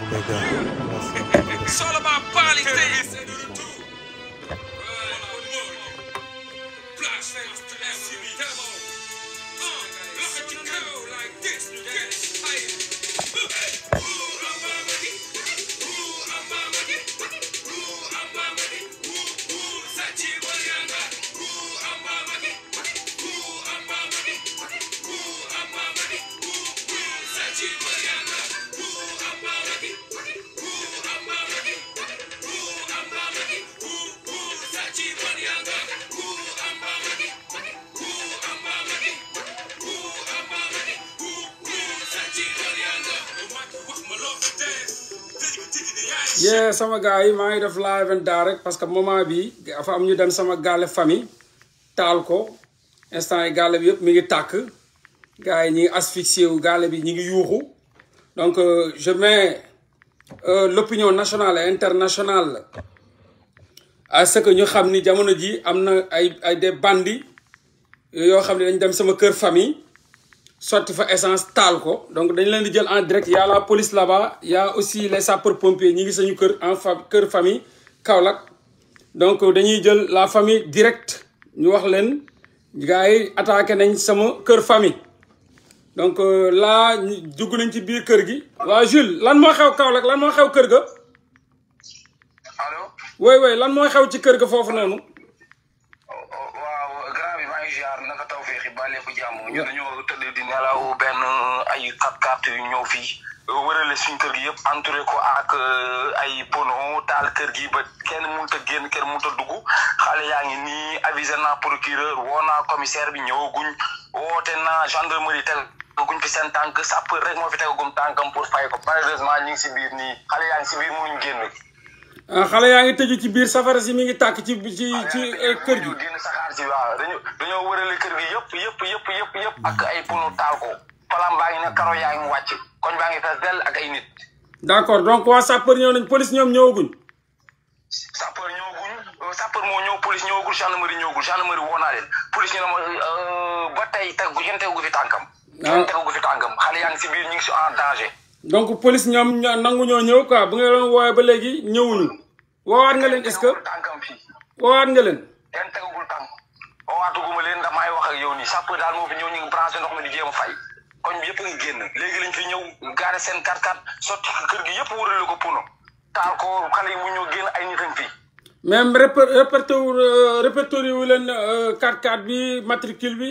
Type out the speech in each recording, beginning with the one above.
Oh my God. It's all about Je sama gars yi def live direct parce que moment bi dafa am ñu dem sama famille taal ko instant yi bi mi ngi famille, gars yi donc euh, je mets euh, l'opinion nationale et internationale à ce que ñu des bandits famille sotti fa essence taal ko donc dañ leen di jël en direct y a la police là-bas y a aussi les sapeurs pompiers ñi ngi sañu kër en fa kër famille Kaolack donc dañuy jël la famille direct ñu wax leen gars yi attaqué nañ sama kër famille donc euh, laa dugg nañ ci biir kër gi waa Jules lan moo xew Kaolack lan moo xew kër ga allo oui lan moo xew ci kër ga foofu noonu ziar naka taw feexi ba lépp jàmm ñu dañoo tëdd di nelaw benn ay kat-kat yu ñëw fii wërale suñ kër gi yëpp entouré ko ak euh, ay pono taal kër gi ba kenn mun ta génn kenn mënut a dugg xale yaa ngi nii avisé naa procureur woo naa commissaire bi ñëwaguñ woote naa gendarmerie tel guñ fi seen tànk sàpp rek moo fi tegagum tànkam pour fay ko malheureusement ñu ngi si biir nii xale yaa ngi si biir mënuñ génn xalé yaangi tejju ci biir safara ci mi ngi tak ci ci ci kër gi gën saxar ci waaw dañu dañu wërale kër gi yépp yépp yépp yépp yépp ak ay pono taal ko palam baangi ne karo yaangi wacc koñ baangi fess del ak ay nit d'accord donc wa sapeur ñew nañ police ñom ñewuguñ sapeur ñewuguñ sapeur mo ñew police ñewugul gendarmerie ñewugul gendarmerie wona len police ñu ba tay tagu jënté gu fi tankam gu fi tankam xalé yaangi ci biir ñi ngi ci en danger donc police ñoom nangu ñoo ñëw quoi bu nga doon woowee ba léegi ñëwuñu. woowaat nga leen est-ce que woowaat nga leen. kenn tegagul tànk woowaatuguma leen ndax maay wax ak yow nii sàpp daal moo fi ñëw ñu ngi branché ndox mi di jéem a fay. koñ bi yëpp ngi génn léegi lañ fi ñëw gaare seen kat kat sotti kër gi yëpp wërale ko pono. taal ko xale yi mu ñëw génn ay nitam fii. même réper répertorié wu leen kat euh, kat bi matricule bi.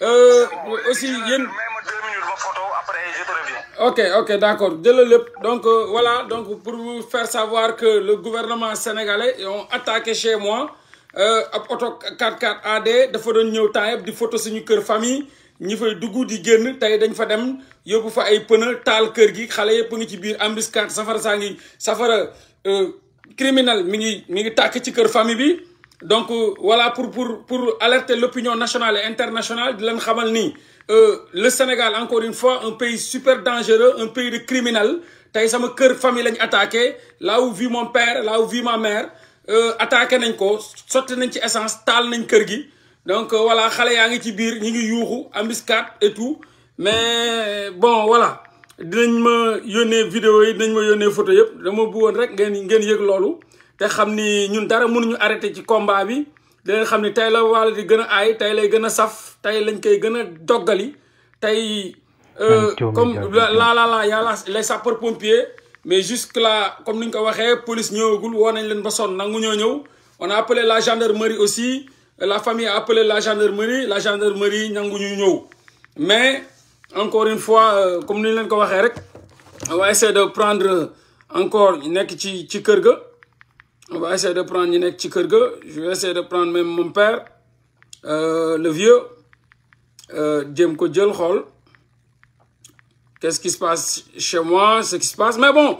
Euh, aussi reviens. Ok, ok, d'accord. Donc euh, voilà, donc pour vous faire savoir que le gouvernement sénégalais ont attaqué chez moi euh, auto 44 AD de photo famille ñi fay di génn tey dañ fa dem fa ay pneu tal kër gi xale ngi ci criminel famille donc euh, voilà pour pour pour alerter l'opinion nationale et internationale de leen xamal ni euh, le Sénégal encore une fois un pays super dangereux un pays de criminels tey sama kër famille lañ attaqué là où vit mon père là où vit ma mère euh, attaqué nañ ko sotti nañ ci essence tal nañ kër gi donc voilà khale yaa ngi ci biir ñi ngi yuuxu embuscade et tout mais bon voilà dinañ ma yónnee vidéo yi dinañ ma yónnee photo yëpp dama bëggoon rek ngeen ngeen yëg te xamni ñun dara mënuñu arrêté ci combat bi dinañ xam ni tey la walla di gëna a tay lay gëna a saf tay lañ koy gëna dogali tay euh comme la la la yàlla les sapeurs pompiers mais jusque là comme niñ ko waxé police ñëwagul woo nañ leen ba son nangu ñoo ñëw on a appelé la gendarmerie aussi la famille a appelé la gendarmerie la gendarmerie nangu ñu ñëw mais encore une fois euh, comme niñ leen ko waxé rek on va essayer de prendre encore nekk ci ci kër ga on va essayer de prendre une nekk ci je vais essayer de prendre même mon père euh, le vieux Djem euh, ko qu'est-ce qui se passe chez moi ce qui se passe mais bon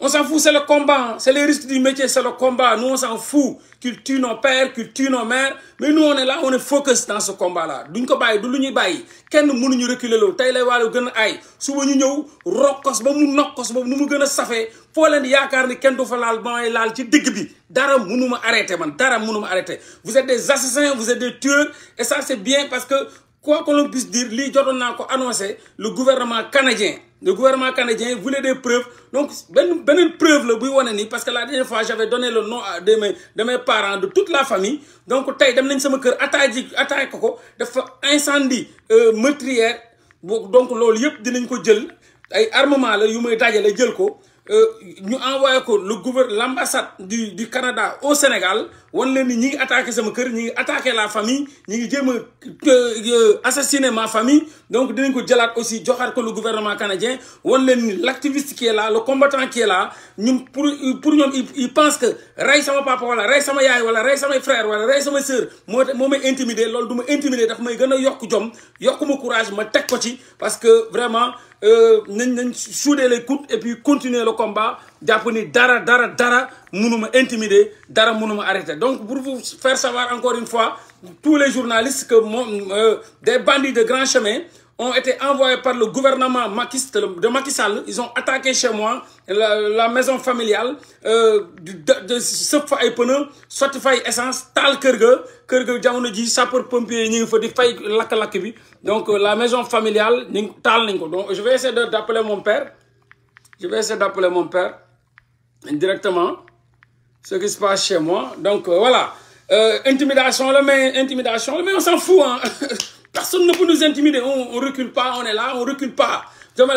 on s'en fout c'est le combat hein. c'est les risques du métier c'est le combat nous on s'en fout qu'ils tuent nos pères qu'ils tuent nos mères mais nous on est là on est focus dans ce combat là duñ ko baye, du lu ñuy bàyyi kenn mënuñu reculer loolu tey lay wàllu gën a aay suba ñu ñëw rokkos ba mu nokkos ba mu gën faut leen yaakaar fa ci bi dara arrêté vous êtes des assassins vous êtes des tueurs et ça c'est bien parce que quoi qu'on puisse dire lii jotoon naa annoncé le gouvernement canadien le gouvernement canadien voulait des preuves donc ben une preuve le buy parce que la dernière fois j'avais donné le nom de mes de mes parents de toute la famille donc tey dem nañ sama cœur, attaque attaque ko dafa incendie euh, meurtrière donc loolu yëpp dinañ ko jël ay armement la yu may dajale ko euh, ñu envoyé ko le gouvernement l'ambassade du du Canada au Sénégal wan les ni ñi ngi attaqué sama kër ñi la famille ñi ngi jéem euh, ma famille donc dinañ ko jëlaat aussi joxaat ko le gouvernement canadien wan les ni l'activiste qui est là le combattant qui est là ñun pour pour nous ils pensent que rey sama papa wala rey sama yaay wala rey samay frère wala rey samay sœur moi moo may intimider loolu du ma intimider daf may gën a yokk jom yokk courage ma teg ko ci parce que vraiment Euh, nañ nañ souder les coudes et puis continuer le combat jàpp ni dara dara dara mënuma intimider dara mënuma arrêter donc pour vous faire savoir encore une fois tous les journalistes que moom euh, des bandits de grand chemin ont été envoyés par le gouvernement de Macky Sall. Ils ont attaqué chez moi la, maison familiale de sëpp et ay essence Tal kër jamono pompier di fay donc la maison familiale euh, Tal euh, Ningo. donc je vais essayer d'appeler mon père je vais essayer d'appeler mon père directement ce qui se passe chez moi donc euh, voilà intimidation le mais intimidation mais on s'en fout hein Personne ne peut nous intimider. On ne recule pas, on est là, on ne recule pas. on ne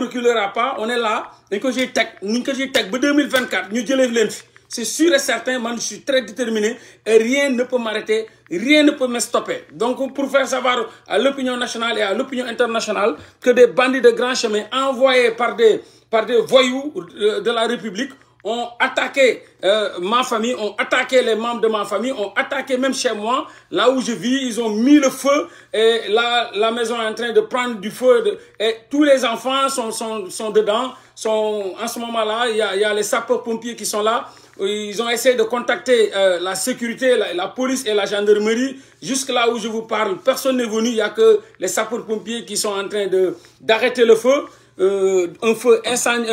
reculera pas, on est là. 2024, C'est sûr et certain, je suis très déterminé et rien ne peut m'arrêter, rien ne peut me stopper. Donc pour faire savoir à l'opinion nationale et à l'opinion internationale que des bandits de grand chemin envoyés par des, par des voyous euh, de la République ont attaqué euh, ma famille, ont attaqué les membres de ma famille, ont attaqué même chez moi, là où je vis, ils ont mis le feu et la, la maison est en train de prendre du feu. et tous les enfants sont, sont, sont dedans, sont en ce moment-là, il y a, y a les sapeurs-pompiers qui sont là. Ils ont essayé de contacter euh, la sécurité, la, police et la gendarmerie. Jusque là où je vous parle, personne n'est venu. Il n'y a que les sapeurs-pompiers qui sont en train de d'arrêter le feu. Euh, un feu incendie,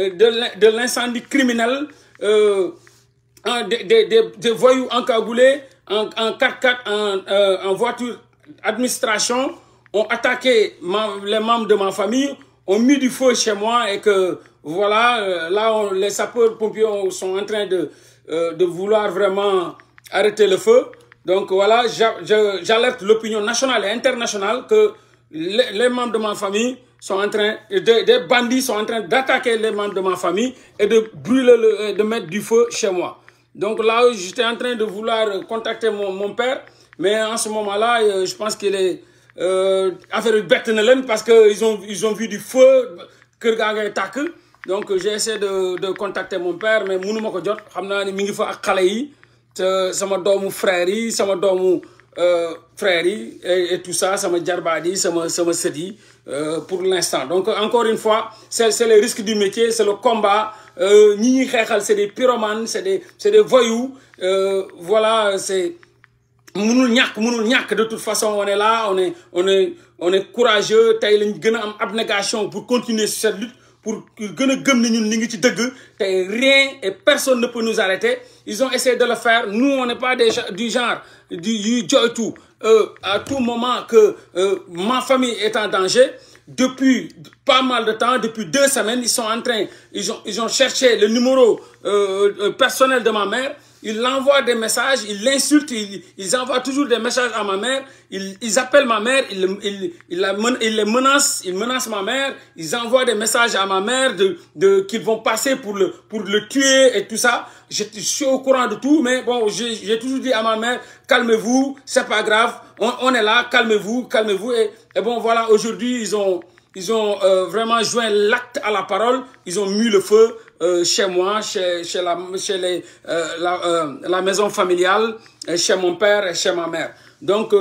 euh, de l'incendie criminel, euh, des, des, des, voyous encagoulés en, en 4 en, euh, en, voiture administration, ont attaqué les membres de ma famille, ont mis du feu chez moi et que voilà, là les sapeurs-pompiers sont en train de, de vouloir vraiment arrêter le feu. Donc voilà, j'alerte l'opinion nationale et internationale que les membres de ma famille sont en train, des, des bandits sont en train d'attaquer les membres de ma famille et de brûler, euh, de mettre du feu chez moi. Donc là, j'étais en train de vouloir contacter mon, mon père, mais en ce moment-là, euh, je pense qu'il est euh, affaire de parce qu'ils ont, ils ont vu du feu, donc j'ai essayé de, de contacter mon père, mais Mounou nom jot Je ne ak faire yi te sama frère euh, frère et tout ça ça me yi ça sama sët euh, pour l'instant. Donc, encore une fois, c'est le risque du métier, c'est le combat. Euh, c'est des pyromanes, c'est des, voyous. Euh, voilà, c'est. De toute façon, on est là, on est, on est, on est courageux. T'as une abnégation pour continuer cette lutte, pour que nous nous Rien et personne ne peut nous arrêter. Ils ont essayé de le faire. Nous, on n'est pas du genre du, tout. Euh, à tout moment que euh, ma famille est en danger, depuis pas mal de temps, depuis deux semaines, ils sont en train, ils ont, ils ont cherché le numéro euh, personnel de ma mère ils l'envoient des messages, ils l'insultent, ils, envoie envoient toujours des messages à ma mère, ils, appellent ma mère, ils, les menacent, ils menacent ma mère, ils envoient des messages à ma mère de, de, qu'ils vont passer pour le, pour le tuer et tout ça. Je, suis au courant de tout, mais bon, j'ai toujours dit à ma mère, calmez-vous, c'est pas grave, on, est là, calmez-vous, calmez-vous. Et, et bon, voilà, aujourd'hui, ils ont, ils ont euh, vraiment joint l'acte à la parole, ils ont mis le feu, euh, chez moi, chez, chez, la, chez euh, la, euh, la, maison familiale, chez mon père et chez ma mère. Donc,